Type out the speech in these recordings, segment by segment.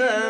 Amen.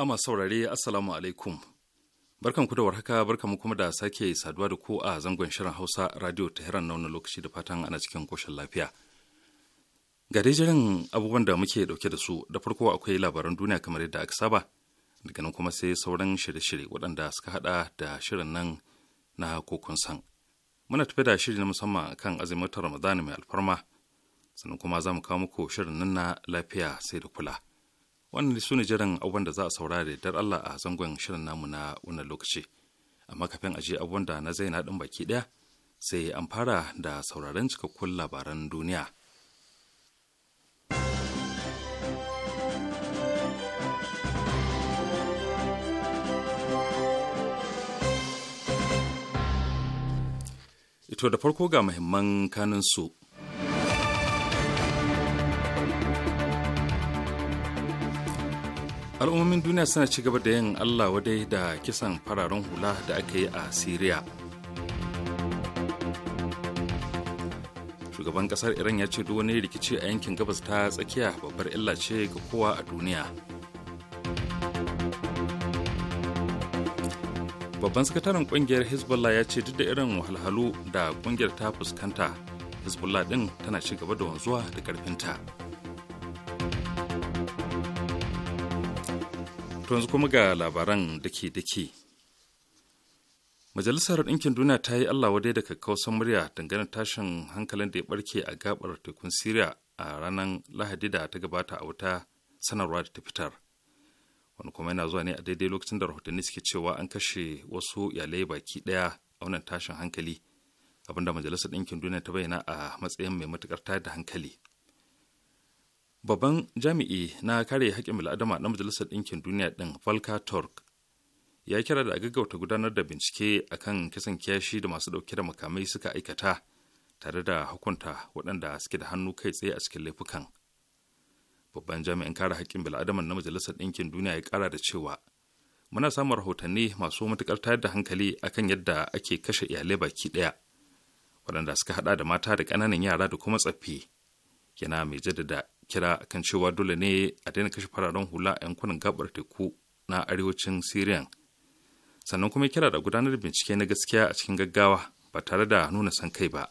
Jama'a masu saurare Assalamu alaikum. Barkan ku da warhaka barkan mu kuma da sake saduwa da ku a zangon shirin Hausa Radio Tehran na wannan lokaci da fatan ana cikin koshin lafiya. Ga dai jiran abubuwan da muke dauke da su da farko akwai labaran duniya kamar yadda aka saba daga nan kuma sai sauran shirye-shirye waɗanda suka haɗa da shirin nan na kokon san. Muna tafi da shiri na musamman kan azumin Ramadana mai alfarma sannan kuma za mu kawo muku shirin nan na lafiya sai da kula. wannan su ne jiran abubuwan da za a saura da dar Allah a zangon shirin namu na wannan lokaci amma kafin a je abubuwan da na zaina din baki daya sai an fara da sauraron cikakkun labaran duniya ito da farko ga muhimman kanin su al'ummomin duniya suna ci gaba da yin allah wadai da kisan fararen hula da aka yi a syria shugaban kasar iran ya ce duk wani rikici a yankin gabas ta tsakiya babbar illa ce ga kowa a duniya babban sakataren kungiyar hezbollah ya ce duk da irin wahalhalu da kungiyar ta fuskanta hezbollah din tana ci gaba da wanzuwa da karfinta. To yanzu kuma ga labaran dake dake. Majalisar Ɗinkin Duniya ta yi Allah wadai da kakkausan murya dangane tashin hankalin da ya barke a gabar tekun Siriya a ranar Lahadi da ta gabata a wuta sanarwa da ta fitar. Wani kuma yana zuwa ne a daidai lokacin da rahotanni suke cewa an kashe wasu iyalai baki ɗaya a wannan tashin hankali, abinda Majalisar Ɗinkin Duniya ta bayyana a matsayin mai matuƙar tayar da hankali. babban jami'i na kare haƙƙin bil'adama na majalisar ɗinkin duniya ɗin falka turk ya kira da gaggauta gudanar da bincike akan kisan kiyashi da masu ɗauke da makamai suka aikata tare da hukunta waɗanda suke da hannu kai tsaye a cikin laifukan babban jami'in kare haƙƙin bil'adama na majalisar ɗinkin duniya ya ƙara da cewa muna samun rahotanni masu matuƙar tayar da hankali akan yadda ake kashe iyalai baki ɗaya waɗanda suka haɗa da mata da ƙananan yara da kuma tsaffi yana mai jaddada kira kan cewa dole ne a daina kashe fararen hula a yankunan gabar teku na arewacin siriyan sannan kuma kira da gudanar bincike na gaskiya a cikin gaggawa ba tare da nuna son kai ba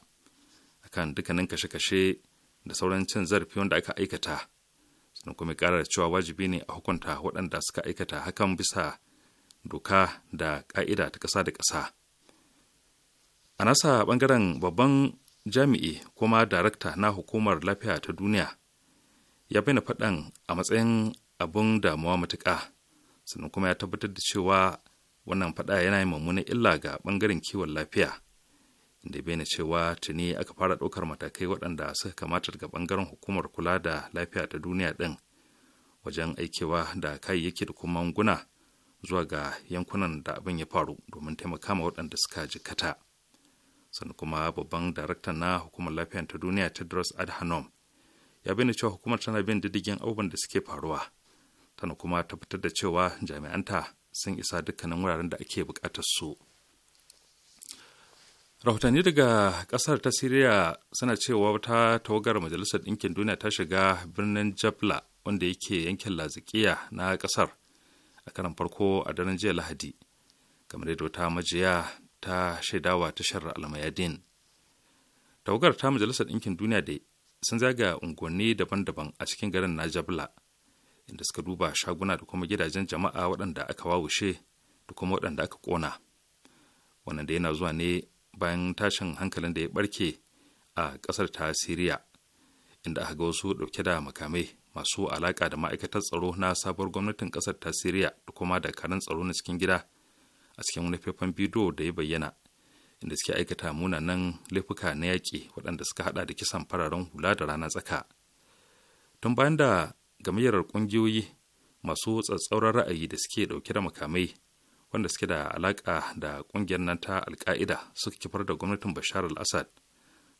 akan dukkanin kashe-kashe da sauran cin zarafi wanda aka aikata sannan kuma kara da cewa wajibi ne a hukunta waɗanda suka aikata hakan bisa doka da ƙa'ida ta ƙasa da ƙasa a nasa ɓangaren babban jami'i kuma darakta na hukumar lafiya ta duniya ya bayyana faɗan a matsayin abun damuwa matuƙa sannan kuma ya tabbatar da cewa wannan faɗa yana yin mummunan illa ga ɓangaren kiwon lafiya inda bayyana cewa tuni aka fara ɗaukar matakai waɗanda suka kamata daga ɓangaren hukumar kula da lafiya ta duniya ɗin wajen aikewa da kayayyaki da kuma manguna zuwa ga yankunan da abin ya faru domin taimaka ma waɗanda suka jikata sannan kuma babban daraktan na hukumar lafiya ta duniya tedros adhanom ya bayyana cewa hukumar tana bin diddigin abubuwan da suke faruwa tana kuma tabbatar da cewa jami'anta sun isa dukkanin wuraren da ake bukatar su rahotanni daga kasar ta siriya suna cewa wata tawagar majalisar ɗinkin duniya ta shiga birnin jabla wanda yake yankin lazikiya na kasar a karan farko a daren jiya lahadi kamar yadda wata majiya ta shaidawa tashar almayadin tawagar ta majalisar ɗinkin duniya da sun zaga unguwanni daban-daban a cikin garin najabla inda suka duba shaguna da kuma gidajen jama'a waɗanda aka wawushe da kuma waɗanda aka ƙona wannan da yana zuwa ne bayan tashin hankalin da ya ɓarke a ƙasar ta siriya inda aka ga wasu ɗauke da makamai masu alaƙa da ma'aikatar tsaro na sabuwar gwamnatin ƙasar ta siriya da kuma da dakarun tsaro na cikin gida a cikin wani faifan bidiyo da ya bayyana inda suke aikata munanan laifuka na yaƙi waɗanda suka haɗa da kisan fararen hula da rana tsaka tun bayan da gamayyar ƙungiyoyi masu tsatsauran ra'ayi da suke ɗauke da makamai wanda suke da alaƙa da ƙungiyar nan ta alƙa'ida suka kifar da gwamnatin bashar al-assad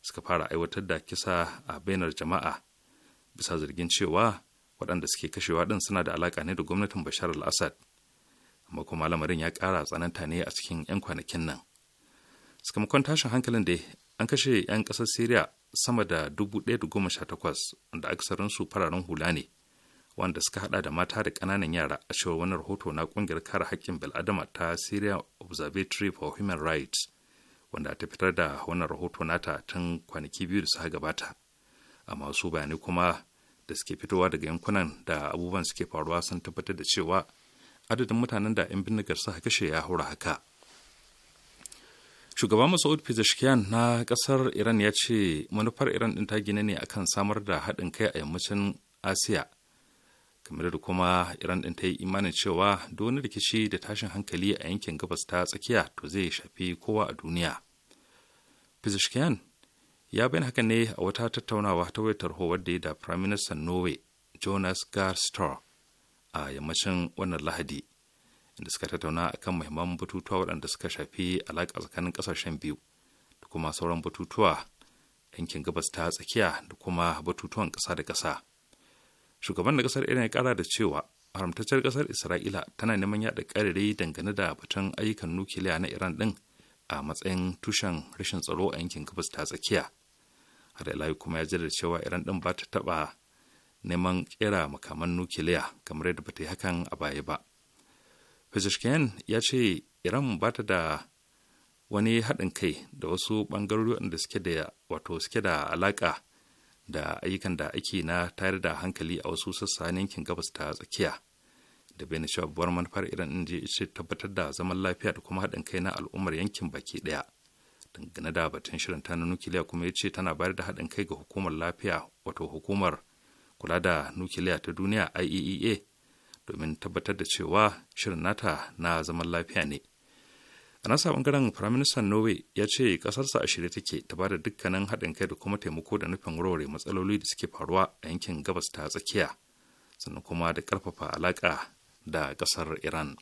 suka fara aiwatar da kisa a bainar jama'a bisa zargin cewa waɗanda suke kashewa ɗin suna da alaƙa ne da gwamnatin bashar al-assad amma kuma lamarin ya ƙara tsananta ne a cikin 'yan kwanakin nan sakamakon tashin hankalin da an kashe 'yan ƙasar syria sama da 1,018 da aksarinsu fararen hula ne wanda suka hada da mata da ƙananan yara a cewar wani rahoto na ƙungiyar kare haƙƙin bil'adama ta syria observatory for human rights wanda ta fitar da wannan rahoto nata tun kwanaki biyu da suka gabata amma su bayanai kuma da suke fitowa daga yankunan da abubuwan suke faruwa sun tabbatar da cewa adadin mutanen da 'yan bindigar suka kashe ya haura haka shugaban masaud pezeshkian na kasar iran ya ce manufar iran din ta gina ne akan samar da haɗin kai a yammacin asiya kamar da kuma iran din ta yi imanin cewa da wani rikici da tashin hankali a yankin gabas ta tsakiya to zai shafi kowa a duniya pezeshkian ya bayyana haka ne a wata tattaunawa ta wayar tarho wadda ya da prime minister norway jonas gahr a yammacin wannan lahadi da suka tattauna akan muhimman batutuwa waɗanda suka shafi alaƙa tsakanin ƙasashen biyu da kuma sauran batutuwa yankin gabas ta tsakiya da kuma batutuwan ƙasa da ƙasa shugaban da ƙasar iran ya ƙara da cewa haramtaccen ƙasar isra'ila tana neman yaɗa ƙarere dangane da batun ayyukan nukiliya na iran ɗin a matsayin tushen rashin tsaro a yankin gabas ta tsakiya har ilayi kuma ya da cewa iran ɗin ba ta taɓa neman ƙera makaman nukiliya kamar yadda ba yi hakan a baya ba Pezeshkian ya ce Iran ba ta da wani haɗin kai da wasu ɓangarori da suke da wato suke da alaƙa da ayyukan da ake na tayar da hankali a wasu sassa yankin gabas ta tsakiya da bai na manufar iran in je ce tabbatar da zaman lafiya da kuma haɗin kai na al'ummar yankin baki ɗaya dangane da batun shirin ta na nukiliya kuma ya ce tana bayar da haɗin kai ga hukumar lafiya wato hukumar kula da nukiliya ta duniya iaea e domin tabbatar da cewa shirin nata na zaman lafiya ne a nasa bangaren firaministan norway ya ce kasarsa a shirye take ta ba da dukkanin haɗin kai da kuma taimako da nufin warware matsaloli da suke faruwa a yankin gabas ta tsakiya sannan kuma da ƙarfafa alaƙa da ƙasar iran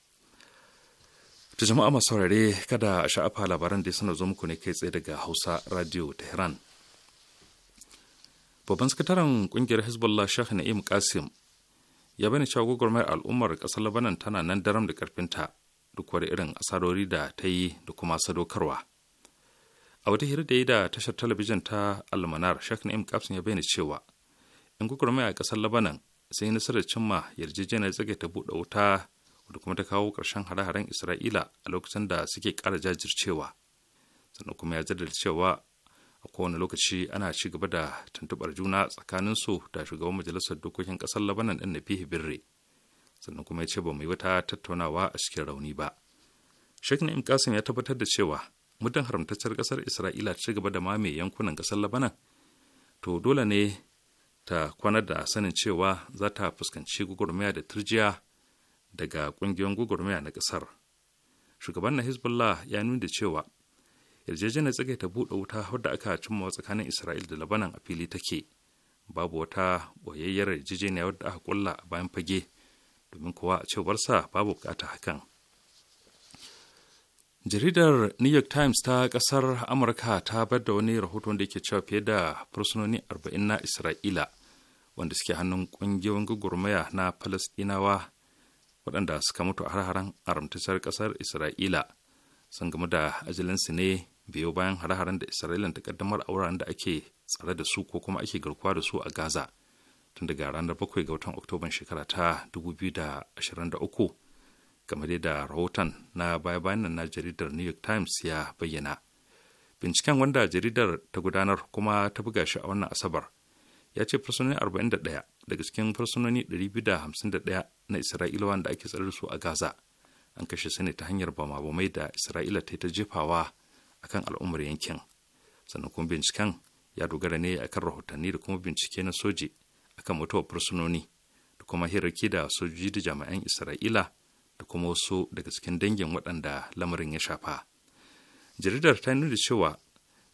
ta jama'a masu saurare kada a sha'afa labaran da ya sanar zo muku ne kai tsaye daga hausa radio tehran babban sakataren kungiyar hezbollah shah na'im kasim ya bani cewa gwagwarmayar al'ummar ƙasar labanan tana nan daram da ƙarfinta duk wani irin asarori da ta yi da kuma sadaukarwa a wata hira da yi da tashar talabijin ta almanar shak na'im kapsin ya bayyana cewa in gwagwarmaya a ƙasar labanan sai nasarar cimma yarjejeniyar tsage ta buɗe wuta wadda kuma ta kawo ƙarshen hare-haren isra'ila a lokacin da suke ƙara jajircewa sannan kuma ya jaddada cewa a kowane lokaci ana ci gaba da tuntubar juna tsakanin su da shugaban majalisar dokokin kasar labanan din na fihi birre sannan kuma ya ce ba mu yi wata tattaunawa a cikin rauni ba shek na'im kasim ya tabbatar da cewa muddin haramtaccen kasar isra'ila ci gaba da mame yankunan kasar labanan to dole ne ta kwanar da sanin cewa za ta fuskanci gwagwarmaya da turjiya daga ƙungiyoyin gwagwarmaya na ƙasar shugaban na hezbollah ya nuna cewa yarjejeniyar ta buɗe wuta wadda aka cimma tsakanin isra'il da labanan a fili take babu wata boyayyar yarjejeniya wadda aka kulla a bayan fage domin kowa a sa babu bukata hakan jaridar new york times ta kasar amurka ta bar da wani rahoton da yake cewa fiye da fursunoni 40 na isra'ila wanda suke hannun kungiyoyin gugurmaya na palestinawa waɗanda suka mutu a har-haren aramtacciyar ƙasar isra'ila sun gamu da ajalinsu ne biyo bayan hare-haren da isra'ila ta kaddamar a wuraren da ake tsare da su ko kuma ake garkuwa da su a gaza tun daga ranar 7 ga watan oktoban shekara ta 2023 kamar da rahoton na baya-bayan nan na jaridar new york times ya bayyana binciken wanda jaridar ta gudanar kuma ta buga shi a wannan asabar ya ce fursunoni 41 daga cikin fursunoni 251 na isra'ilawa da ake tsare da su a gaza an kashe su ne ta hanyar bama-bamai da isra'ila ta yi ta jefawa akan al'ummar yankin sannan kuma binciken ya dogara ne akan rahotanni da kuma bincike na soji akan mutuwar fursunoni da kuma hirarki da sojoji da jami'an isra'ila da kuma wasu daga cikin dangin waɗanda lamarin ya shafa jaridar ta nuna cewa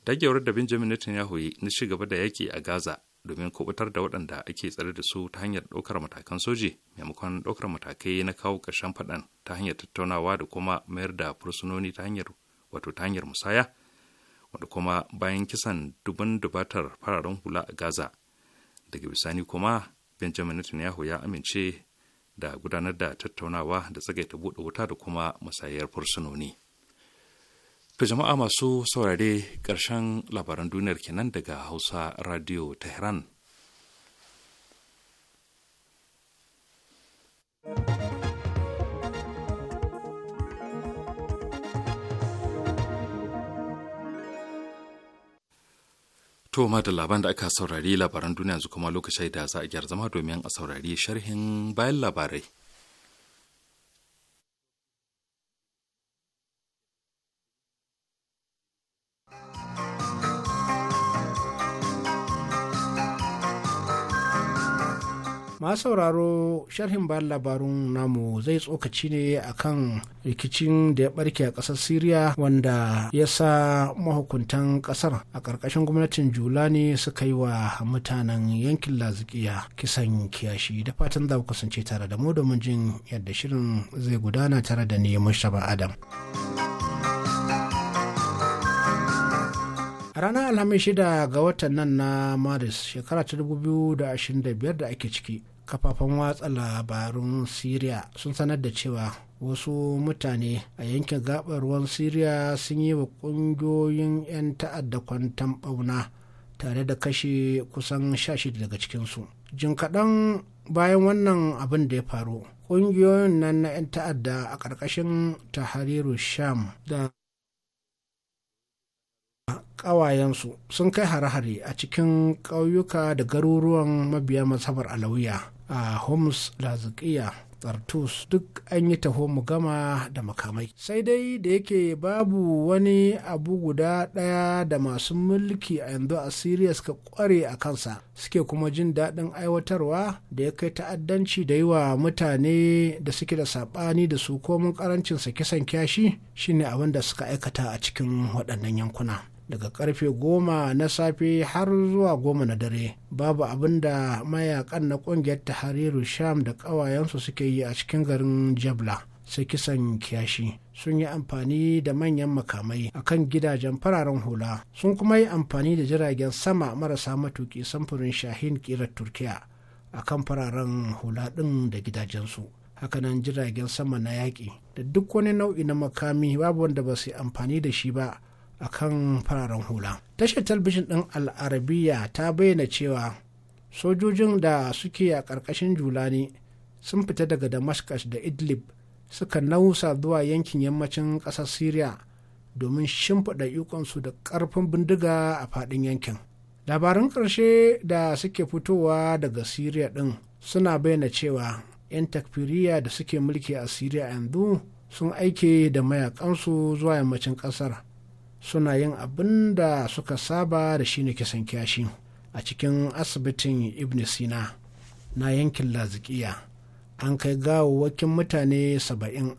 dagewar da benjamin netanyahu na ci gaba da yaƙi a gaza domin kubutar da waɗanda ake tsare da su ta hanyar ɗaukar matakan soji maimakon ɗaukar matakai na kawo ƙarshen faɗan ta hanyar tattaunawa da kuma mayar da fursunoni ta hanyar wato ta hanyar musaya wanda kuma bayan kisan dubin dubatar fararen hula a gaza daga bisani kuma benjamin netanyahu ya amince da gudanar da tattaunawa da tsagaita buɗe wuta da kuma musayar fursunoni to jama'a masu saurare ƙarshen labaran duniyar kenan daga hausa radio tehran To da labaran da aka saurari labaran duniya yanzu kuma lokaci da za a gyara zama domin a saurari sharhin bayan labarai. masu sauraro sharhin bayan labarun namu zai tsokaci ne akan rikicin da ya barke a ƙasar syria wanda ya sa mahukuntan ƙasar a ƙarƙashin gwamnatin julani suka yi wa mutanen yankin lazikiya kisan kiyashi da fatan za ku kasance tare da mu domin jin yadda shirin zai gudana tare da ne mustapha adam a ranar alhamis shida ga watan nan na maris shekara ta 2025 da ake ciki kafafen watsa labarun Siriya sun sanar da cewa wasu mutane a yankin gabar ruwan Siriya sun yi wa kungiyoyin 'yan ta'adda kwantan bauna tare da kashe kusan 16 daga cikinsu jin kaɗan bayan wannan abin da ya faru ƙungiyoyin nan na 'yan ta'adda a ƙarƙashin tahariru sham da ƙawayensu sun kai hare-hare a cikin ƙauyuka da garuruwan mabiya mazhabar alawiya a homs lazikiya tsartus duk an yi taho mu gama da makamai sai dai da yake babu wani abu guda ɗaya da masu mulki a yanzu a siriya suka kware a kansa suke kuma jin daɗin aiwatarwa da ya kai ta'addanci da yi wa mutane da suke da saɓani da su komin ƙarancin sa kisan kyashi shine abin da suka aikata a cikin waɗannan yankuna daga karfe goma na safe har zuwa goma na dare babu abin da mayakan na kungiyar tahariru sham da kawayensu suke yi a cikin garin jabla sai kisan kiyashi sun yi amfani da manyan makamai a kan gidajen fararen hula sun kuma yi amfani da jiragen sama marasa matuki samfurin shahin kirar turkiya a kan fararen hula ɗin da gidajensu hakanan jiragen sama na yaƙi da duk wani nau'i na makami babu wanda ba su amfani da shi ba a kan fararen hula tashar talbijin ɗin al'arabiya ta bayyana cewa sojojin da suke a ƙarƙashin julani sun fita daga damascus da idlib suka nausa zuwa yankin yammacin ƙasar syria domin shimfiɗa ikonsu da ƙarfin bindiga a faɗin yankin labaran ƙarshe da suke fitowa daga syria ɗin suna bayyana cewa 'yan takfiriya da suke mulki a syria yanzu sun aike da mayakansu zuwa yammacin ƙasar suna yin abin da suka saba da shi ne kisan kyashi a cikin asibitin ibn sina na yankin lazikiya an kai gawawwakin mutane saba'in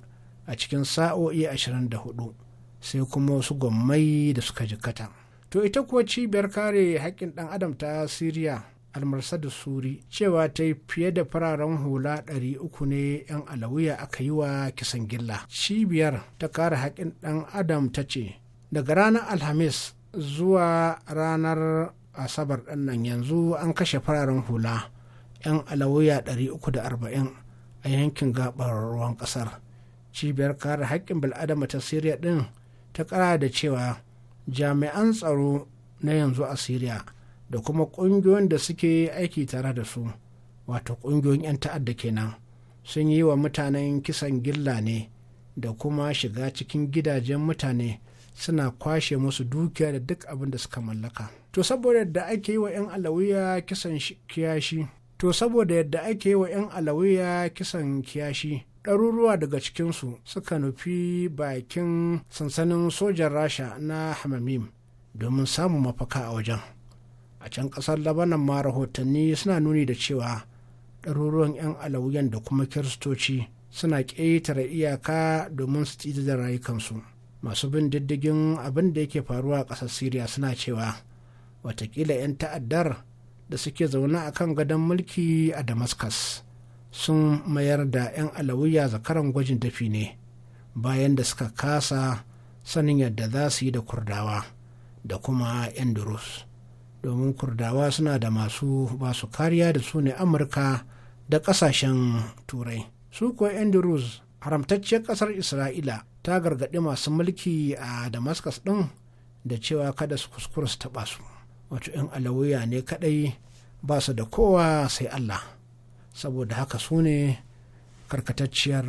a cikin sa'o'i 24 sai kuma wasu gwammai da suka jikata to ita kuwa cibiyar kare haƙƙin ɗan adam ta siriya almarsa da suri cewa ta yi fiye da fararen hula ɗari uku ne 'yan alawiya aka yi wa kisan gilla cibiyar ta kare haƙƙin ɗan adam ta ce daga ranar alhamis zuwa ranar asabar ɗannan yanzu an kashe fararen hula 'yan alawuya 340 a yankin gabar ruwan ƙasar cibiyar kare haƙƙin bil'adama ta siriya ɗin ta ƙara da cewa jami'an tsaro na yanzu a siriya da kuma ƙungiyoyin da suke aiki tare da su wato ƙungiyoyin 'yan ta'adda kenan sun yi wa mutanen kisan gilla ne da kuma shiga cikin gidajen mutane suna kwashe musu dukiya da duk abin da suka mallaka to saboda yadda ake yi wa 'yan alawiya kisan kiyashi to saboda yadda ake yi wa 'yan alawiya kisan kiyashi ɗaruruwa daga cikinsu suka nufi bakin sansanin sojan rasha na hamamim domin samun mafaka a wajen a can ƙasar labanan ma rahotanni suna nuni da cewa ɗaruruwan 'yan alawiyan da kuma kiristoci suna ƙetare iyaka domin su da rayukansu. masu bin diddigin abin da yake faruwa a ƙasar syria suna cewa watakila 'yan ta'addar da suke zaune a kan gadon mulki a damascus sun mayar da 'yan alawiya zakaran gwajin dafi ne bayan da suka kasa sanin yadda za su yi da kurdawa da kuma 'yan durus domin kurdawa suna da masu basu kariya da su ne amurka da ƙasashen turai su kuwa 'yan durus haramtacciyar ƙasar isra'ila ta gargaɗi masu mulki a damascus ɗin da cewa kada su kuskura su taɓa su wato in alawiya ne kaɗai ba su da kowa sai allah saboda haka su ne karkatacciyar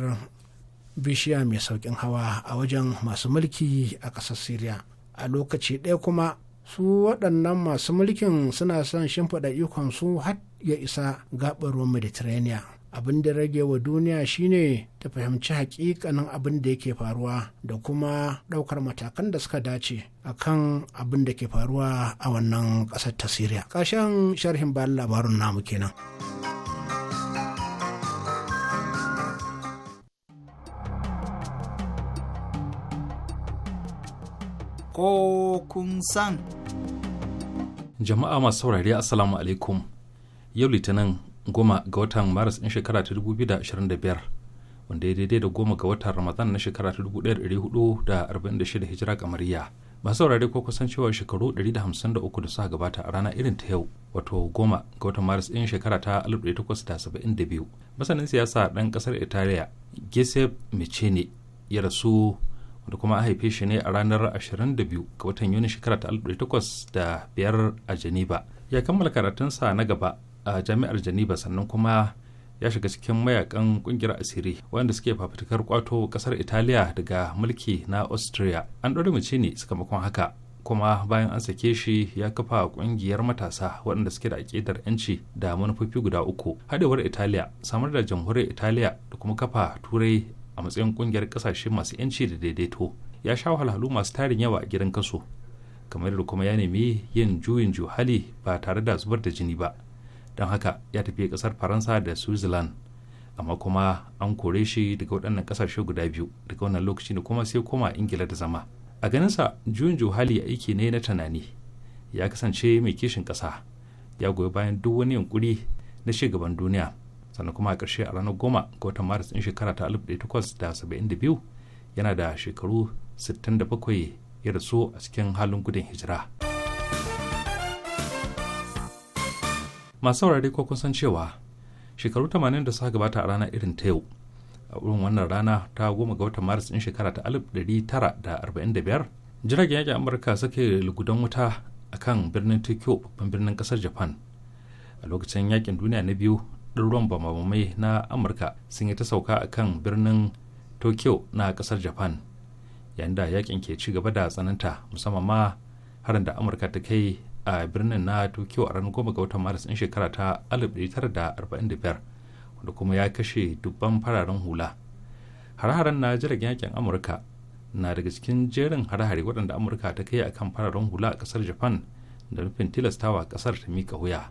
bishiya mai sauƙin hawa a wajen masu mulki a ƙasar syria a lokaci ɗaya kuma su waɗannan masu mulkin suna son shimfiɗa ikonsu har ya isa gaɓar ruwan mediterranean abin da rage wa duniya shine ta fahimci hakikanin abin da yake faruwa da kuma ɗaukar matakan da suka dace a kan abin da ke faruwa a wannan ƙasar ta siriya ƙarshen sharhin bayan labarin namu kenan. ko kun san. Jama'a masu saurari Assalamu alaikum. Yau Litinin goma ga watan maris ɗin shekara ta dubu biyu da da ashirin biyar wanda ya daidai da goma ga watan ramadan na shekara ta dubu ɗaya da da arba'in shida hijira kamariya masu saurare ko kusan cewa shekaru ɗari da hamsin da da uku suka gabata a rana irin ta yau wato goma ga watan maris ɗin shekara ta alif ɗaya takwas da da saba'in biyu. masanin siyasa ɗan ƙasar italiya giuseppe mecene ya rasu wanda kuma a haife shi ne a ranar 22 ga watan yuni shekara ta biyar a geneva ya kammala karatunsa na gaba a jami'ar janiba sannan kuma ya shiga cikin mayakan kungiyar asiri wanda suke fafutukar kwato kasar Italiya daga mulki na Austria. An ɗaure mace ne sakamakon haka kuma bayan an sake shi ya kafa kungiyar matasa waɗanda suke da aƙidar 'yanci da manufofi guda uku haɗewar italiya samar da jamhuriyar italiya da kuma kafa turai a matsayin kungiyar ƙasashe masu 'yanci da daidaito ya sha wahalhalu masu tarin yawa a gidan kaso kamar da kuma ya nemi yin juyin juhali ba tare da zubar da jini ba don haka ya tafi kasar faransa da switzerland amma kuma an kore shi daga waɗannan ƙasashe guda biyu daga wannan lokaci ne kuma sai koma ingila da zama a ganinsa juyin juhali aiki ne na tunani ya kasance mai kishin ƙasa ya goyi bayan duk wani yunkuri na shugaban duniya sannan kuma a ƙarshe a ranar goma ga watan maris ɗin shekara ta biyu yana da shekaru sittin da bakwai ya rasu a cikin halin gudun hijira. masu saurare ko kun san cewa shekaru 80 da suka gabata a rana irin ta yau a wurin wannan rana ta goma ga watan maris din shekara ta 1945 jiragen yakin amurka suka yi lugudan wuta a kan birnin tokyo babban birnin kasar japan a lokacin yakin duniya na biyu ɗaruruwan bamabamai na amurka sun yi ta sauka a kan birnin tokyo na kasar japan yayin da yakin ke ci gaba da tsananta musamman ma harin da amurka ta kai a birnin na tokyo a ranar goma ga watan maris ɗin shekara ta 1945 wanda kuma ya kashe dubban fararen hula harharen haren na jiragen yakin amurka na daga cikin jerin hare waɗanda amurka ta kai akan fararen hula a ƙasar japan da nufin tilastawa ƙasar ta mika wuya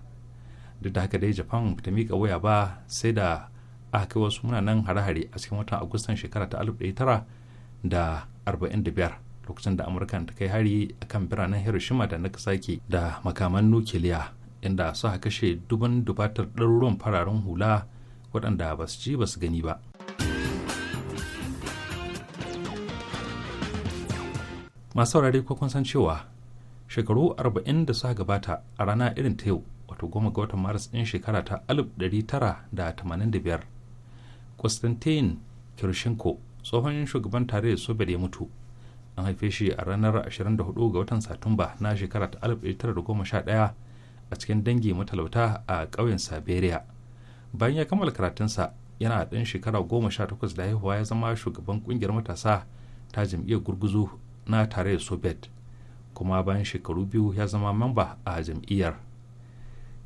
duk da haka dai japan ta mika wuya ba sai da aka kai wasu munanan hare a cikin watan agustan shekara ta 1945 lokacin da amurkan ta kai hari a kan biranen hiroshima da nagasaki da makaman nukiliya inda suka kashe duban dubatar ɗaruruwan fararen hula waɗanda ba su ci ba su gani ba masu saurare ko kun san cewa shekaru 40 da suka gabata a rana irin ta yau wato goma ga watan maris ɗin shekara ta 1985 konstantin kirshenko tsohon shugaban tarayyar soviet ya mutu an haife shi a ranar 24 ga watan satumba na shekara ta 1911 a cikin dangi matalauta a ƙauyen saberiya bayan ya kammala karatunsa yana ɗan shekara 18 da haihuwa ya zama shugaban ƙungiyar matasa ta jam'iyyar gurguzu na tare da soviet kuma bayan shekaru biyu ya zama mamba a jam'iyyar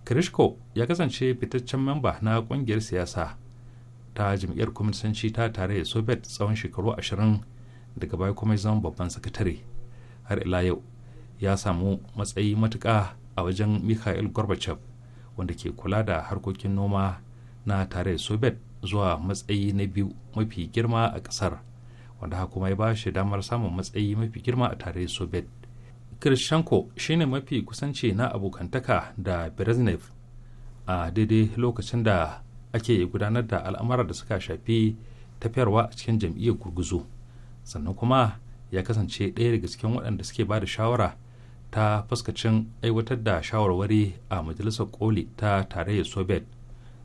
kirishko ya kasance fitaccen mamba na ƙungiyar siyasa ta jam'iyyar kwamitanci ta tare da soviet tsawon shekaru ashirin. daga baya kuma zama babban sakatare har ila yau ya samu matsayi matuƙa a wajen mikhail gorbachev wanda ke kula da harkokin noma na tare soviet zuwa matsayi na biyu mafi girma a ƙasar wanda haka kuma ya ba shi damar samun matsayi mafi girma a tare soviet kirshenko shine mafi kusanci na abokantaka da brezhnev a daidai lokacin da ake gudanar da al'amura da suka shafi tafiyarwa a cikin jam'iyyar gurguzu. sannan kuma ya kasance ɗaya daga cikin waɗanda suke ba da shawara ta fuskacin aiwatar da shawarwari a majalisar koli ta tarayyar soviet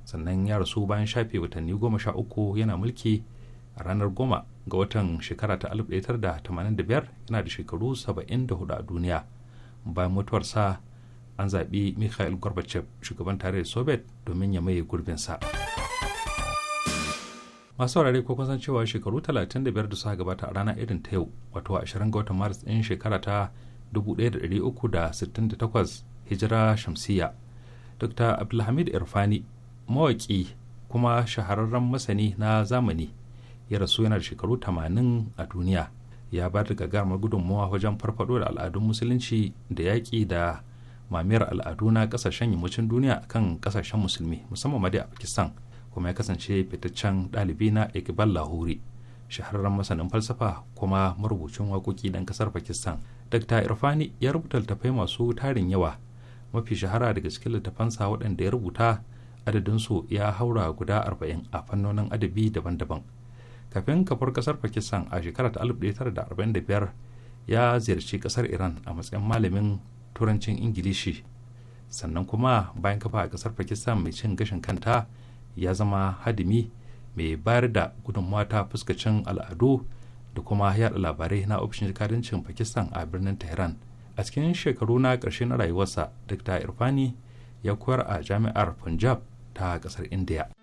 sannan ya rasu bayan shafe watanni goma sha uku yana mulki a ranar goma ga watan shekara ta 1985 yana da shekaru 74 a duniya bayan mutuwarsa an zaɓi mikhail gorbachev shugaban tarayyar soviet domin ya maye gurbinsa. sa masu wurare ko kun san cewa shekaru 35 da suka gabata a rana irin ta yau wato 20 ga watan maris shekara ta 1368 hijira shamsiya dr abdulhamid irfani mawaƙi kuma shahararren masani na zamani ya rasu yana da shekaru 80 a duniya ya ba da gagarumar gudunmawa wajen farfado da al'adun musulunci da yaƙi da mamiyar al'adu na ƙasashen yammacin duniya kan ƙasashen musulmi musamman ma dai a pakistan kuma ya kasance fitaccen ɗalibi na iqbal Lahuri shahararren masanin falsafa kuma marubucin waƙoƙi ɗan ƙasar pakistan dr irfani ya rubuta littattafai masu tarin yawa mafi shahara daga cikin littafansa waɗanda ya rubuta adadinsu ya haura guda arba'in a fannonin adabi daban-daban kafin kafar ƙasar pakistan a shekara ta 1945 ya ziyarci ƙasar iran a matsayin malamin turancin ingilishi sannan kuma bayan kafa a ƙasar pakistan mai cin gashin kanta ya zama hadimi mai bayar da gudunmawa ta fuskacin al'adu da kuma yaɗa labarai na ofishin jikadancin pakistan a birnin tehran a cikin shekaru na ƙarshe na rayuwarsa dr irfani ya koyar a jami'ar punjab ta ƙasar india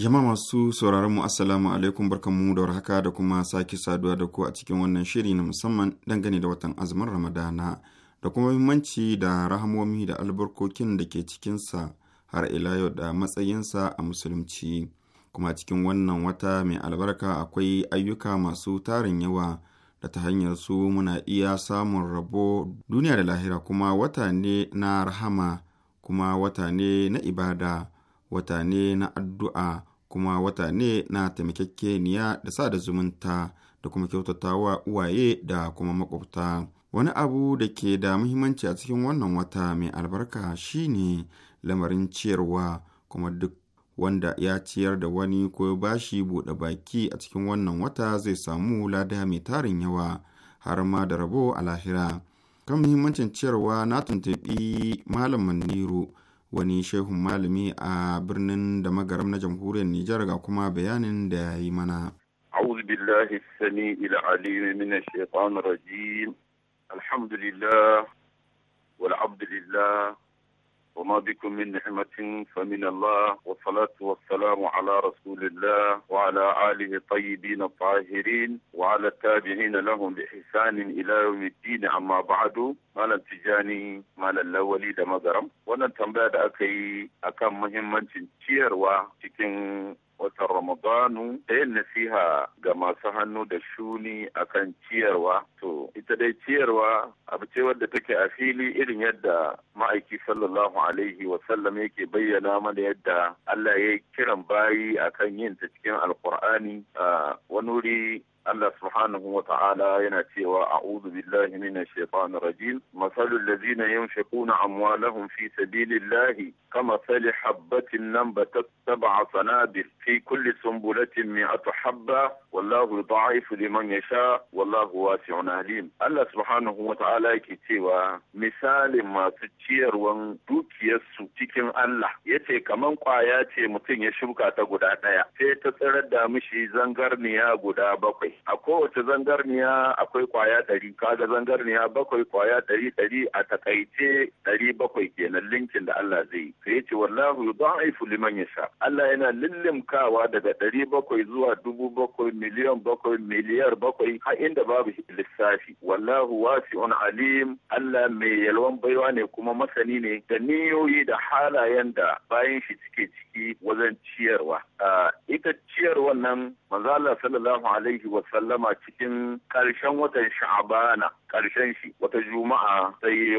Yama masu sauraron mu assalamu alaikum mu. da warhaka da kuma sake saduwa da ku a cikin wannan shiri na musamman dangane da watan azumin Ramadana da kuma muhimmanci da rahamomi da albarkokin da ke cikinsa har ila yau da matsayinsa a musulunci. Kuma cikin wannan wata mai albarka akwai ayyuka masu tarin yawa da ta hanyar su muna iya samun rabo duniya da lahira kuma wata ne na rahama kuma wata ne na ibada. wata ne na addu'a kuma wata ne na taimakekeniya da sa da zumunta da kuma kyautata wa uwaye da kuma makwabta. Wani abu da ke da muhimmanci a cikin wannan wata mai albarka shine lamarin ciyarwa kuma duk wanda ya ciyar da wani ko bashi buɗe baki a cikin wannan wata zai samu lada mai tarin yawa har ma da rabo a lahira. Kan muhimmancin ciyarwa na tuntuɓi Malam niro wani shehun malami a birnin da magaram na jamhuriyar Nijar ga kuma bayanin da ya yi mana. أعوذ بالله السميع العليم من الشيطان الرجيم الحمد لله والعبد لله وما بكم من نعمة فمن الله والصلاة والسلام على رسول الله وعلى آله الطيبين الطاهرين وعلى التابعين لهم بإحسان إلى يوم الدين أما بعد مالا تجاني مالا الأولي da magaram wannan tambaya da aka yi akan muhimmancin ciyarwa cikin wata Ramadanu da yin nasiha ga masu hannu da shuni akan ciyarwa. To, ita dai ciyarwa abu ce wadda take a fili irin yadda ma'aiki sallallahu alaihi wasallam yake bayyana mana yadda Allah ya yi kiran bayi akan yin ta cikin alkur'ani a wani wuri Allah subhanahu wa ta'ala yana cewa a'udhu billahi minash shaitanir rajim masalul ladzina yunfiquna amwalahum fi sabilillahi kamathali habatin nambatat sab'a sanabil fi kulli sunbulatin mi'atu habba wallahu ya liman yasha wallahu wasi'un alim Allah subhanahu wa ta'ala yake cewa misalin masu ciyarwan dukiyarsu cikin Allah yace kaman kwaya ce mutum ya shuka ta guda daya sai ta tsirar da mishi zangarniya guda bakwai kai a kowace zangarniya akwai kwaya ɗari kaga zangarniya bakwai kwaya ɗari ɗari a takaice ɗari bakwai kenan linkin da Allah zai sai ce wallahu yudha'ifu liman yasha Allah yana lillimkawa daga ɗari bakwai zuwa dubu bakwai miliyan bakwai miliyar bakwai har inda babu lissafi wallahu wasi'un alim Allah mai yalwan baiwa ne kuma masani ne da niyoyi da halayen da bayan shi cike ciki wajen ciyarwa wannan manzo Allah sallallahu alaihi wa sallama cikin karshen watan sha'abana karshen shi wata juma'a sai ya yi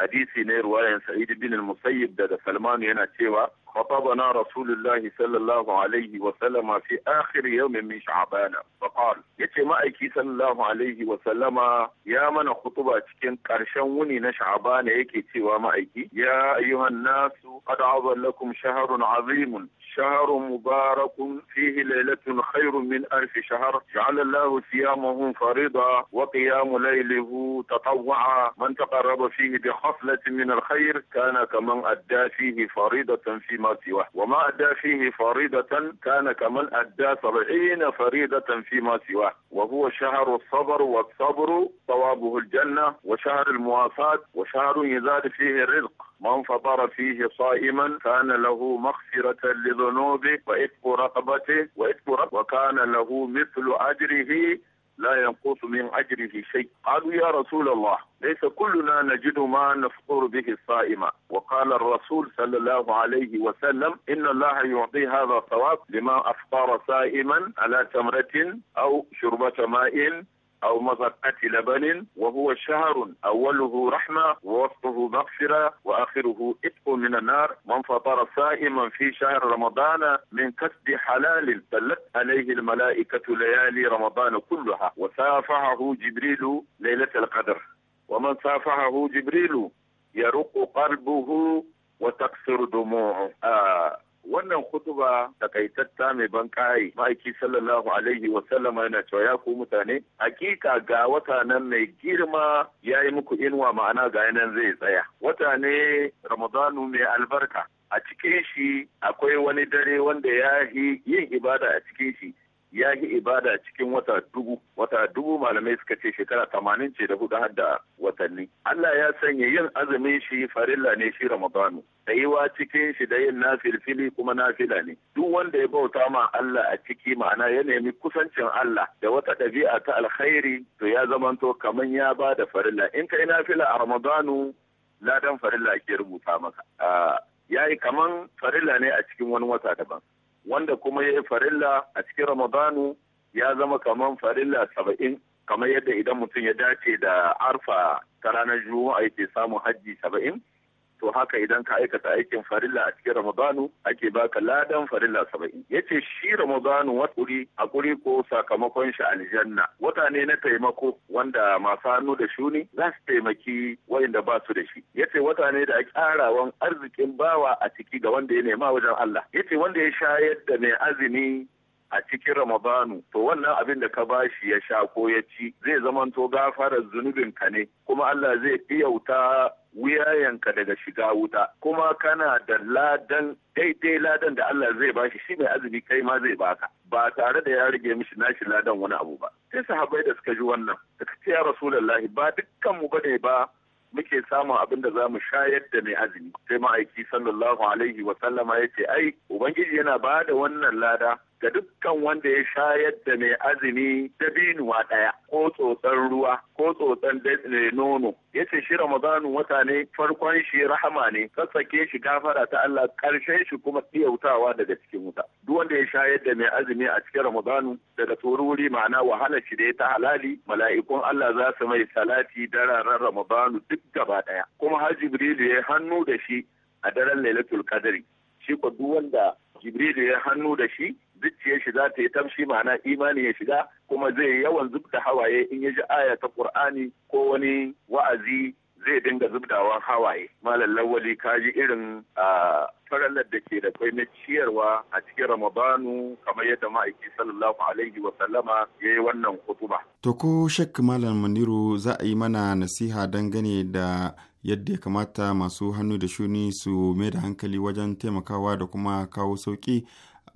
hadisi ne ruwayan sa'id bin musayyib daga salmanu yana cewa khatabana rasulullahi sallallahu alaihi wa sallama fi akhir yawmin min sha'ban fa qala yace ma'aiki sallallahu alaihi wa sallama ya mana khutuba cikin ƙarshen wuni na sha'ban yake cewa ma'aiki ya ayyuhan nasu qad a'adha lakum shahrun azimun شهر مبارك فيه ليلة خير من ألف شهر جعل الله صيامه فريضة وقيام ليله تطوعا من تقرب فيه بخير حصلة من الخير كان كمن أدى فيه فريضة فيما سواه وما أدى فيه فريضة كان كمن أدى سبعين فريضة فيما سواه وهو شهر الصبر والصبر ثوابه الجنة وشهر المواساة وشهر يزاد فيه الرزق من فطر فيه صائما كان له مغفرة لذنوبه وإثق رقبته وإثق رقبته وكان له مثل أجره لا ينقص من أجره شيء قالوا يا رسول الله ليس كلنا نجد ما نفطر به الصائم وقال الرسول صلى الله عليه وسلم إن الله يعطي هذا الثواب لما أفطر صائما على تمرة أو شربة ماء أو مذقة لبن وهو شهر أوله رحمة ووسطه مغفرة وآخره إتق من النار من فطر صائما في شهر رمضان من كسب حلال دلت عليه الملائكة ليالي رمضان كلها وسافعه جبريل ليلة القدر ومن سافعه جبريل يرق قلبه وتكسر دموعه آه wannan kai takaitatta mai ban kai ma'aiki sallallahu alaihi wa sallama yana cewa ya ku mutane hakika ga wata nan mai girma ya yi muku inuwa ma'ana ga yanan zai tsaya wata ne ramadanu mai albarka a cikin shi akwai wani dare wanda ya yi yin ibada a cikin shi ya yi ibada cikin wata dubu wata dubu malamai suka ce shekara tamanin ce da hudu har da watanni Allah ya sanya yin azumin shi farilla ne shi ramadanu tsayuwa cikin shi da yin nafilfili kuma nafila ne duk wanda ya bauta ma Allah a ciki ma'ana ya nemi kusancin Allah da wata ɗabi'a ta alkhairi to ya zamanto kamar ya ba da farilla in kai nafila a ramadanu ladan farilla ke rubuta maka ah, ya yi kaman farilla ne a cikin wani wata daban wanda kuma ya yi farilla a cikin ramadanu ya zama kamar farilla saba'in kamar yadda idan mutum ya dace da arfa ta ranar juma'a yake samun hajji saba'in to haka idan ka aikata aikin farilla a cikin ramadanu ake baka ladan farilla saba'in yace shi ramadanu wakuri kuri ko sakamakon shi aljanna wata ne na taimako wanda masu hannu da shuni za su taimaki wayanda ba su da shi yace wata ne da karawan arzikin bawa a ciki ga wanda ya nema wajen Allah Ya ce wanda ya shayar da mai azumi a cikin Ramadanu to wannan abin da ka bashi ya sha ko ya ci zai zamanto gafarar zunubin ka ne kuma Allah zai iyauta wuyayenka daga shiga wuta kuma kana da ladan daidai ladan da Allah zai bashi shi mai azumi kai ma zai baka ba tare da ya rage mishi nashi ladan wani abu ba sai sahabbai da suka ji wannan suka ce ya rasulullahi ba dukkan mu bane ba muke samun abin da za mu shayar da mai azumi sai ma'aiki sallallahu alaihi wa sallama ya ce ai ubangiji yana ba da wannan lada ga dukkan wanda ya shayar da mai azumi dabinuwa ɗaya ko tsotsan ruwa ko tsotsan eh, nono ya ce shi ramadanu wata ne farkon shi rahama ne sassake shi gafara ta Allah ƙarshen shi kuma tsiyautawa daga cikin wuta duk wanda ya shayar da mai azumi a cikin ramadanu daga tsoruri ma'ana wahala shi da ya ta halali mala'ikun Allah za su mai salati dararen ramadanu duk gaba ɗaya kuma har jibrilu ya hannu da shi a daren lailatul kadari shi ko duk wanda jibrilu ya hannu da shi zuciya shi za ta yi tamshi ma'ana imani ya shiga kuma zai yawan zubda hawaye in ya ji aya ta qur'ani ko wani wa'azi zai dinga zubdawa hawaye malam lawali ka ji irin farallar da ke da kwai na ciyarwa a cikin ramadanu kamar yadda ma'aiki sallallahu alaihi wa sallama ya yi wannan kutuba. to ko shak malam maniru za a yi mana nasiha dangane da yadda ya kamata masu hannu da shuni su mai da hankali wajen taimakawa da kuma kawo sauki.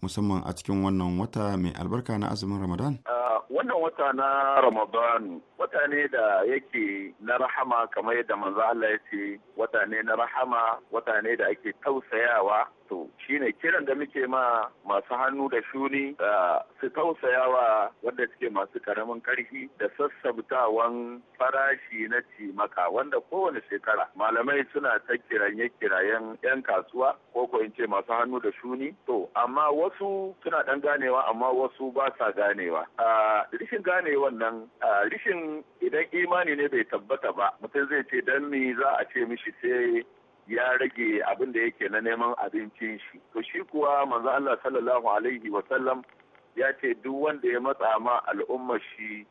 musamman a cikin wannan wata mai albarka na azumin Ramadan? Wannan wata na Ramadan wata ne da yake na rahama kamar yadda manzo Allah ya ce wata ne na rahama wata ne da ake tausayawa To shine kiran da muke ma masu hannu da shuni da su tausayawa wanda suke masu karamin karfi da sassabtawan farashi na cimaka wanda kowane shekara malamai suna ta kiranye kirayen 'yan kasuwa ko ko in ce masu hannu da shuni. To amma wasu suna dan ganewa amma wasu ba sa ganewa. Rishin ganewan nan rishin idan imani ne bai tabbata ba mutum zai ce dan me za a ce mishi sai ya rage abin da yake na neman abincin shi to shi kuwa manzo Allah sallallahu alaihi wa sallam ya ce duk wanda ya matsa ma al'umma shi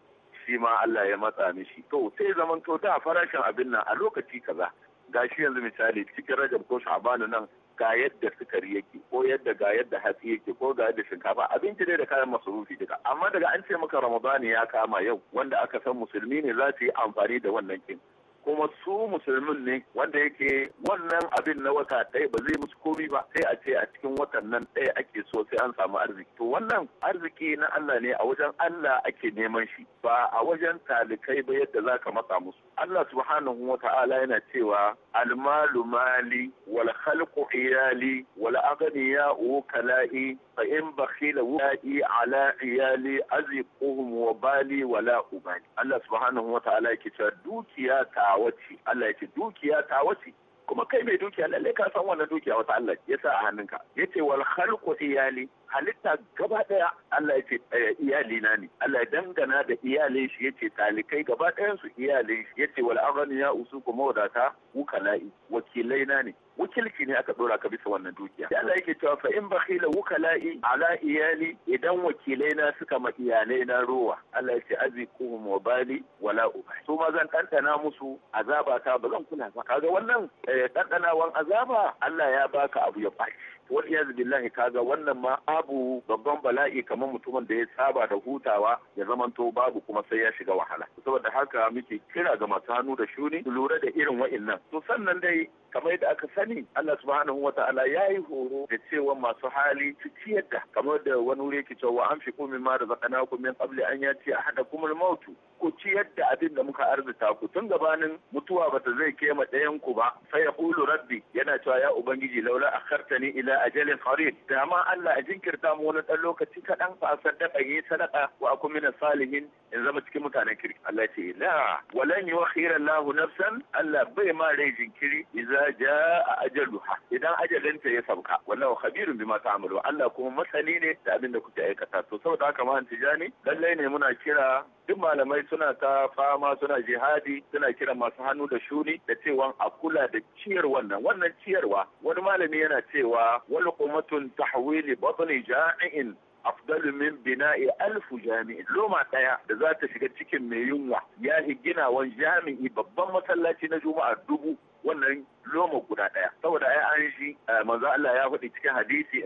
shi ma Allah ya matsa mishi to sai zaman to da farashin abin nan a lokaci kaza gashi yanzu misali cikin rajab ko sha'ban nan ga yadda sukari yake ko yadda ga yadda hatsi yake ko ga yadda shinkafa abinci dai da kayan masarufi duka amma daga an ce maka ramadani ya kama yau wanda aka san musulmi ne za su yi amfani da wannan kin kuma su musulmin ne wanda yake wannan abin na wata ɗaya ba zai musu komi ba sai a ce a cikin watan nan ɗaya ake so sai an samu arziki to wannan arziki na Allah ne a wajen Allah ake neman shi ba a wajen talikai ba yadda za ka matsa musu Allah subhanahu wa ta'ala yana cewa almalu mali wal khalqu iyali wal aghniya'u kala'i fa in bakhila wula'i ala iyali aziquhum wa bali wala ubali Allah subhanahu wa ta'ala yake cewa dukiya ta wace Allah yake dukiya ta wace kuma kai mai dukiya lalle ka san wannan dukiya wata Allah ya sa a hannunka yace wal khalqu iyali halitta gaba daya Allah ya ce eh, iyali na ne Allah ya dangana da iyalin shi yace talikai gaba dayan su iyalin shi yace wal aghniya usukum wadata wukala'i wakilai na ne wakilci ne aka ɗora ka bisa wannan dukiya sai Allah yake cewa fa in bakhila wukala'i ala iyali idan wakilai na suka ma iyalai na ruwa Allah yace azikuhum wa bali wala uba su ma zan ɗanɗana musu azaba ta ba zan kula ba kaga wannan eh, ɗanɗanawan azaba Allah ya baka abu ya ɓaci wal iyaz billahi kaga wannan ma abu babban bala'i kamar mutumin da ya saba da hutawa ya zamanto babu kuma sai ya shiga wahala saboda haka muke kira ga masu hannu da shuni lura da irin wa'annan to sannan dai kamar yadda aka sani Allah subhanahu wa ta'ala ya yi horo da cewa masu hali su ciyar da kamar da wani wuri yake cewa an fi kumi ma da zakana ku min qabli an yati ahada kumul mautu ku ciyar da abin da muka arzuta ku tun gabanin mutuwa bata zai kema ɗayan ku ba fa yaqulu rabbi yana cewa ya ubangiji laula akhartani ila ajalin qarib da ma Allah a jinkirta mu wani dan lokaci kaɗan fa sadaka yi sadaka wa akun min salihin in zama cikin mutanen kirki Allah ce la walan yukhira Allahu nafsan Allah bai ma rai jinkiri idza a jaa ajaluha idan ajalinta ya sauka wallahu khabirun bima ta'malu Allah kuma masani ne da abin da kuke aikata to saboda haka ma tijani lallai ne muna kira duk malamai suna ta fama suna jihadi suna kira masu hannu da shuni da cewa a kula da ciyar wannan wannan ciyarwa wani malami yana cewa wal qumatun tahwili batni ja'in afdalu min bina'i alfu jami'in loma daya da za ta shiga cikin mai yunwa ya ginawan jami'i babban masallaci na juma'a dubu wannan loma guda ɗaya saboda ai an shi eh, manzo Allah ya faɗi cikin hadisi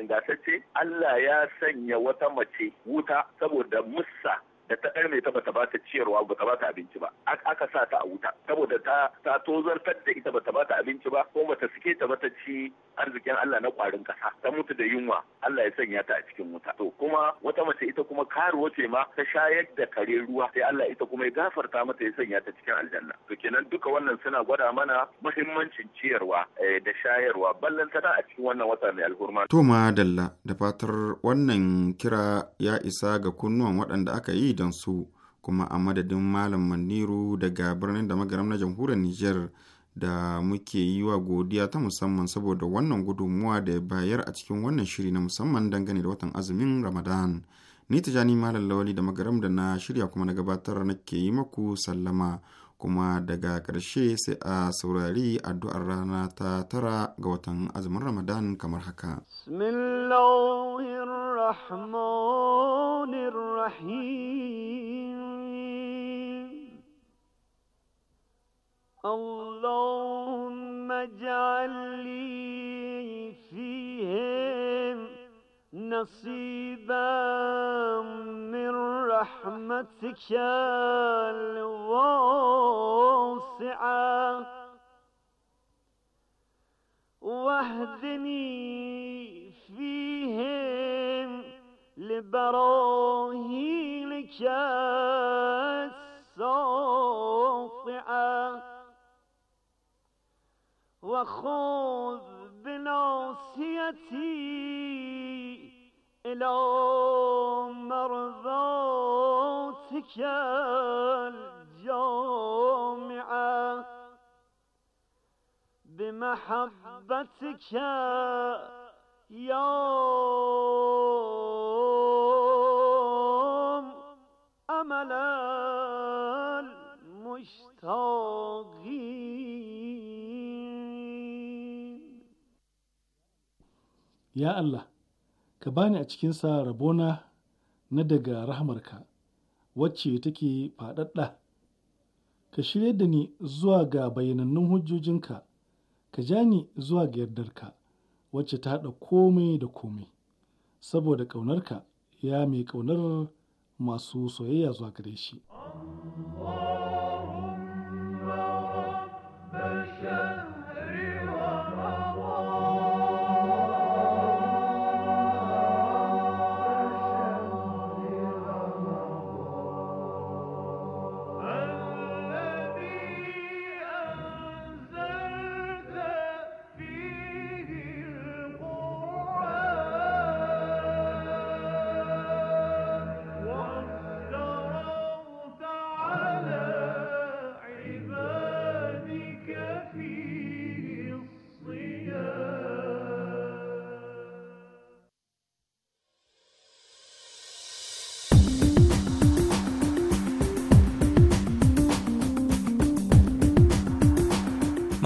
ce Allah ya sanya wata mace wuta saboda musa. da ta ɗarme ta bata bata ciyarwa bata bata abinci ba aka sa ta a wuta saboda ta ta tozartar da ita bata bata abinci ba ko bata sike ta bata ci arzikin Allah na ƙwarin ƙasa ta mutu da yunwa Allah ya sanya ta a cikin wuta to kuma wata mace ita kuma karuwa ce ma ta shayar da kare ruwa sai Allah ita kuma ya gafarta mata ya sanya ta cikin aljanna to kenan duka wannan suna gwada mana muhimmancin ciyarwa eh, da shayarwa ballan tana a cikin wannan wata mai alhurma to madalla da fatar wannan kira ya isa ga kunnuwan waɗanda aka yi su kuma a madadin malam maniru daga birnin da magaram na jamhuriyar niger da muke yi wa godiya ta musamman saboda wannan gudunmuwa da ya bayar a cikin wannan shiri na musamman dangane da watan azumin ramadan ni tijani malam lawali da magaram da na shirya kuma na gabatar nake yi maku sallama kuma daga ƙarshe sai a saurari addu'ar rana ta tara ga watan azumin ramadan kamar haka اللهم اجعل لي فيه نصيبا من رحمتك الواسعة واهدني فيهم لبراهيلك الساطعة وخذ بناصيتي إلى مرضاتك الجامعة بمحبتك يا أمل المشتاقين يا الله ka bani a cikinsa rabona na daga rahamarka wacce take faɗaɗɗa ka shirya da ni zuwa ga bayanannun hujjojinka ka ja ni zuwa ga yardarka wacce ta haɗa komai da komai saboda ƙaunarka ya mai ƙaunar masu soyayya zuwa gare shi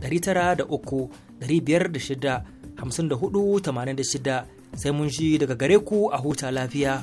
9,506,5486 sai mun shi daga gare ku a huta lafiya.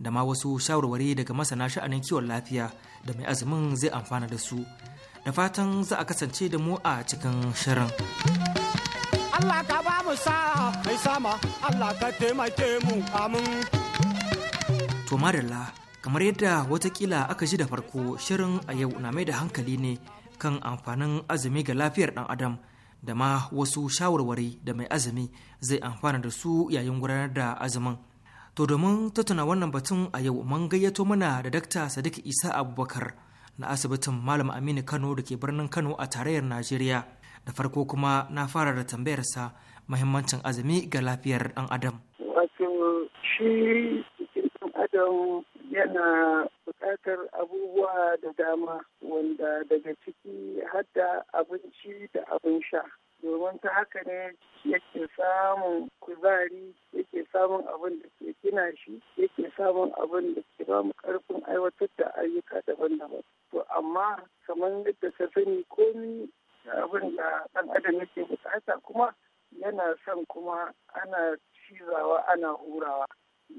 da ma wasu shawarwari daga masana sha'anin kiwon lafiya da mai azumin zai amfana da su da fatan za a kasance da mu a cikin shirin Allah ka ba mu sa'a mai sama Allah ka taimake mu amin to madalla kamar yadda watakila aka ji da farko shirin a yau na mai da hankali ne kan amfanin azumi ga lafiyar dan adam da ma wasu shawarwari da mai azumi zai amfana da su yayin gudanar da azumin To domin tattuna wannan batun a yau mun gayyato mana da Dakta Sadiq Isa Abubakar na asibitin Malam Aminu Kano da ke birnin Kano a tarayyar Najeriya. Da farko kuma na fara da tambayarsa muhimmancin azumi ga lafiyar ɗan adam. Wato shi cikin ɗan adam yana buƙatar abubuwa da dama wanda daga ciki hadda abinci da abin sha. domin ta haka ne yake samun kuzari yake samun abin da ke gina shi yake samun abin da ke ba mu karfin aiwatar da ayyuka daban-daban to amma kamar yadda ka sani komi abin da ɗan adam yake bukata kuma yana son kuma ana cizawa ana hurawa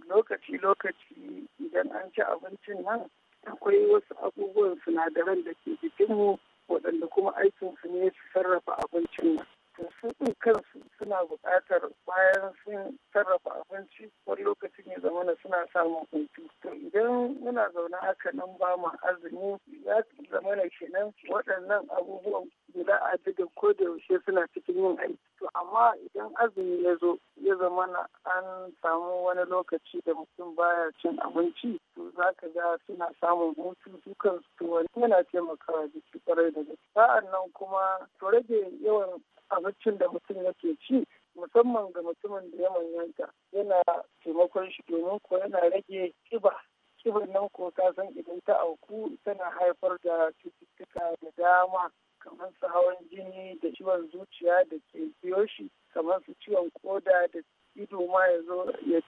lokaci-lokaci idan an ci abincin nan akwai wasu abubuwan sinadaran da ke jikinmu waɗanda kuma aikinsu ne su sarrafa abincin nan su ɗin kansu suna buƙatar bayan sun sarrafa abinci wani lokacin ya zamana suna samun hutu to idan muna zaune haka nan ba mu azumi ya zamana kenan waɗannan abubuwan guda a jikin ko da yaushe suna cikin yin aiki to amma idan azumi ya zo ya na an samu wani lokaci da mutum baya cin abinci to za ka ga suna samun hutu dukansu. kansu to wani yana taimakawa jiki ƙwarai da gaske sa'an nan kuma to rage yawan abincin da mutum yake ci musamman ga mutumin da ya manyanta yana taimakon shi domin ko yana rage kiba kibar nan ko ta san idan ta auku tana haifar da cututtuka da dama kamar su hawan jini da ciwon zuciya da ke biyo shi kamar su ciwon koda da ido ma ya zo ya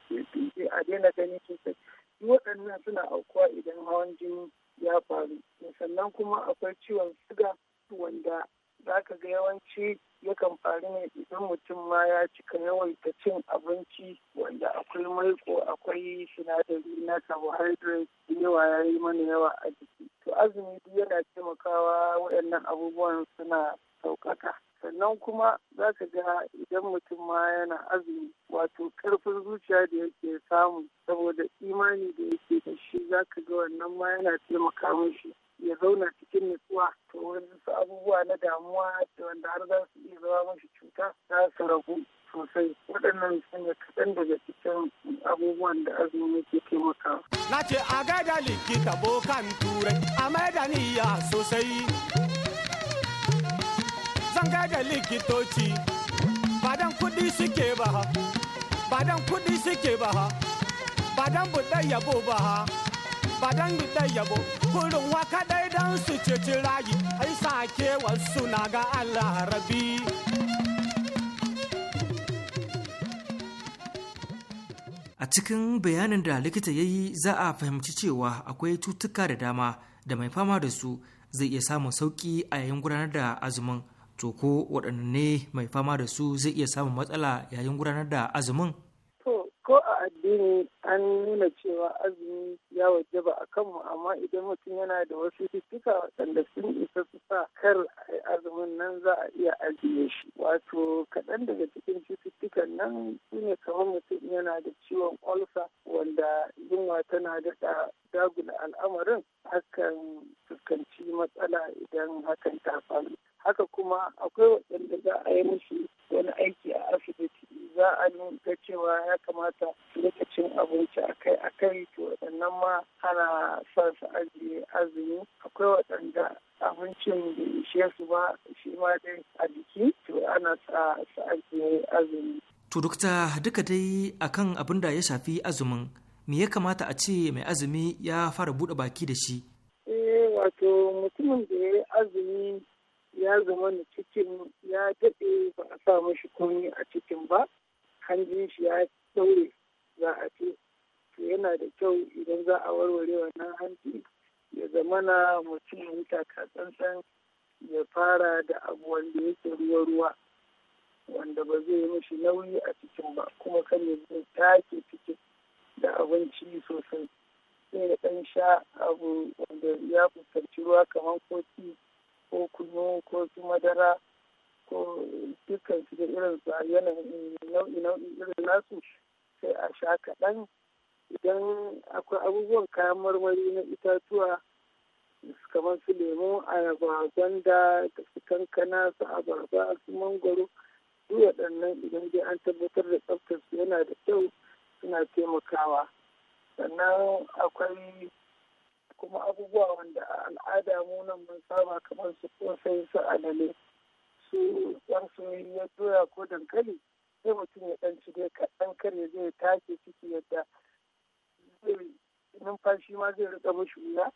a daina gani sosai waɗannan suna aukuwa idan hawan jini ya faru sannan kuma akwai ciwon suga wanda za ka ga yawanci yakan faru ne idan mutum ma ya cika yawaita cin abinci wanda akwai maiko akwai sinadari na carbohydrate yawa ya yi mana yawa a jiki to azumi duk yana taimakawa waɗannan abubuwan suna sauƙaƙa sannan kuma za ka ga idan mutum ma yana azumi wato karfin zuciya da yake samu saboda imani da yake da shi za ka ga wannan ma yana taimaka mishi ya zauna cikin nutsuwa to wasu abubuwa na damuwa da wanda har za su iya zama mashi cuta za su ragu sosai waɗannan su kaɗan daga cikin abubuwan da azumi ke taimakawa. na ce a gaida likita bokan turai a da niyya sosai zan gaida likitoci badan kuɗi suke ba badan kuɗi suke ba badan buɗe yabo ba ba dan dai yabo kurin wa kadai dan su ceci rayi ai sake wasu na ga Allah rabi a cikin bayanin da likita ya yi za a fahimci cewa akwai cutuka da dama da mai fama da su zai iya samun sauƙi a yayin gudanar da azumin to ko waɗanne mai fama da su zai iya samun matsala yayin gudanar da azumin ko a addini an nuna cewa azumi ya wajaba a kanmu amma idan mutum yana da wasu cututtuka waɗanda sun isa su sa kar azumin nan za a iya ajiye shi wato kaɗan daga cikin cututtukan nan su ne kamar mutum yana da ciwon olsa wanda yunwa tana daɗa dagula al'amarin hakan fuskanci matsala idan hakan ta faru haka kuma akwai waɗanda za a yi musu wani aiki a asibiti za a nuna cewa ya kamata su cin abu abinci akai akai to waɗannan ma ana son su ajiye azumi akwai waɗanda abincin da ishe su ba shi ma dai a jiki to ana sa su ajiye azumi. To dukta duka dai akan abin da ya shafi azumin me ya kamata a ce mai azumi ya fara buɗe baki da shi? Eh wato mutumin da ya azumi ya zama na cikin ya daɗe ba a sa mashi komi a cikin ba hanjin shi ya daure za a ce to yana da kyau idan za a warware wannan hanci ya zamana mutum ya yi tsantsan ya fara da abu wanda yake ruwa-ruwa wanda ba zai yi mishi nauyi a cikin ba kuma kan ya zai take cikin da abinci sosai sai ya ɗan sha abu wanda ya fuskanci ruwa kamar kofi ko kunu ko su madara ko dukkan su da irin su a yanayin nau'i nau'i irin nasu sai a sha kaɗan idan akwai abubuwan kayan marmari na itatuwa kamar su lemu ayaba gwanda da su kankana su abarba su mangwaro duk waɗannan idan dai an tabbatar da tsaftar su yana da kyau suna taimakawa sannan akwai kuma abubuwa wanda a al'ada mu nan mun saba kamar su kosai su alale su ɗan ya doya ko dankali sai mutum ya ɗan ci dai kaɗan kar ya zai tashi ciki yadda zai numfashi ma zai rika mashi wuya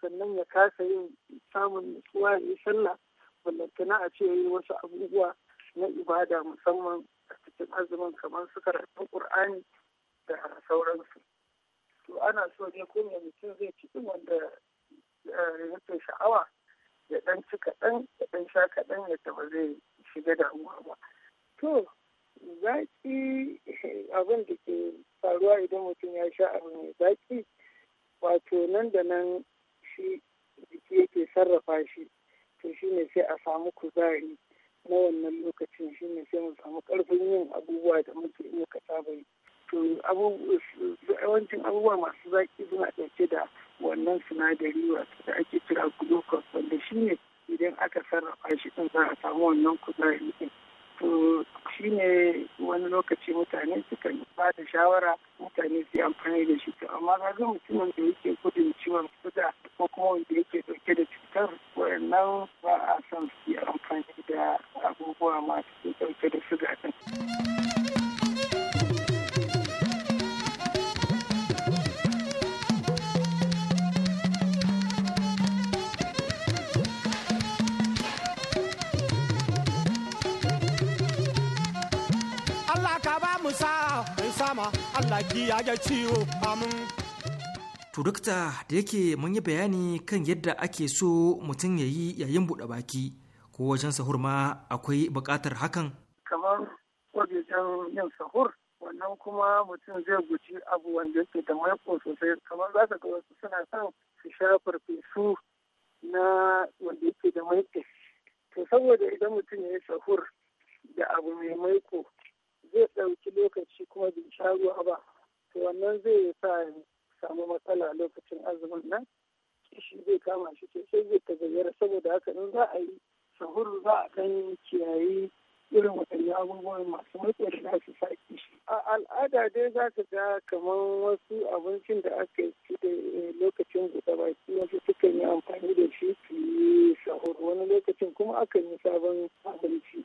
sannan ya kasa yin samun nutsuwa ya yi sallah ballantana a ce yi wasu abubuwa na ibada musamman a cikin azumin kamar su karatun ƙur'ani da sauransu to ana so ne ko me mutum zai cikin wanda eh, ke sha'awa ya ɗan ci kaɗan ya ɗan sha kaɗan yadda ba zai shiga damuwa ba to zaƙi abin da ke faruwa idan mutum ya sha abu mai zaƙi wato nan da nan shi jiki yake sarrafa shi to shi ne sai a samu kuzari na wannan lokacin shi ne sai mu samu ƙarfin yin abubuwa da muke muka saba yi to yawancin abubuwa masu zaki suna ɗauke da wannan sinadari wato da ake kira glucose wanda shi ne idan aka sarrafa shi ɗin za a samu wannan kuzari ɗin to shine wani lokaci mutane suka ba da shawara mutane su yi amfani da shi to amma ga mutumin da yake gudun ciwon suga ko kuma wanda yake dauke da cutar wayannan ba a son su yi amfani da abubuwa masu dauke da suga din. Allah ya ga ciwo amin. To dokta da yake mun yi bayani kan yadda ake so mutum ya yi yayin buɗe baki ko wajen sahur ma akwai buƙatar hakan? Kamar wajen yin sahur wannan kuma mutum zai guji abu wanda yake da maiko sosai kamar za ka ga wasu suna son su sha farfesu na wanda yake da maiko. To saboda idan mutum ya yi sahur da abu mai maiko zai ɗauki lokaci kuma bai sha ruwa ba to wannan zai sa samu matsala lokacin azumin nan kishi zai kama shi sosai zai ta saboda haka in za a yi sahuru za a ɗan kiyaye irin waɗannan abubuwan masu matsayi za su sa kishi. A al'ada dai za ka ga kamar wasu abincin da aka ci da lokacin guda baki wasu sukan yi amfani da shi su yi sahur wani lokacin kuma akan yi sabon abinci.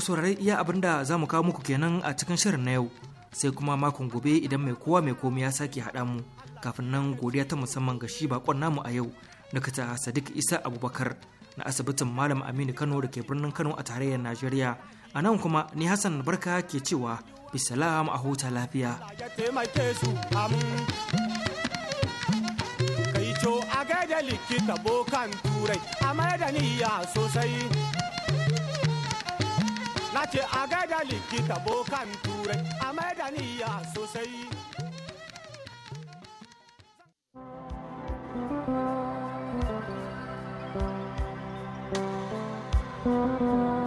saurari iya abin da za mu kawo muku kenan a cikin shirin na yau sai kuma makon gobe idan mai kowa mai komai ya sake haɗa mu kafin nan godiya ta musamman ga shi bakon namu a yau na kata sadiq isa abubakar na asibitin malam aminu kano da ke birnin kano a tarayyar najeriya a nan kuma ni hassan barka ke cewa bisalam a huta lafiya a likita bokan turai a sosai na ce a gaida likita bokan turai a maida niyya sosai thank you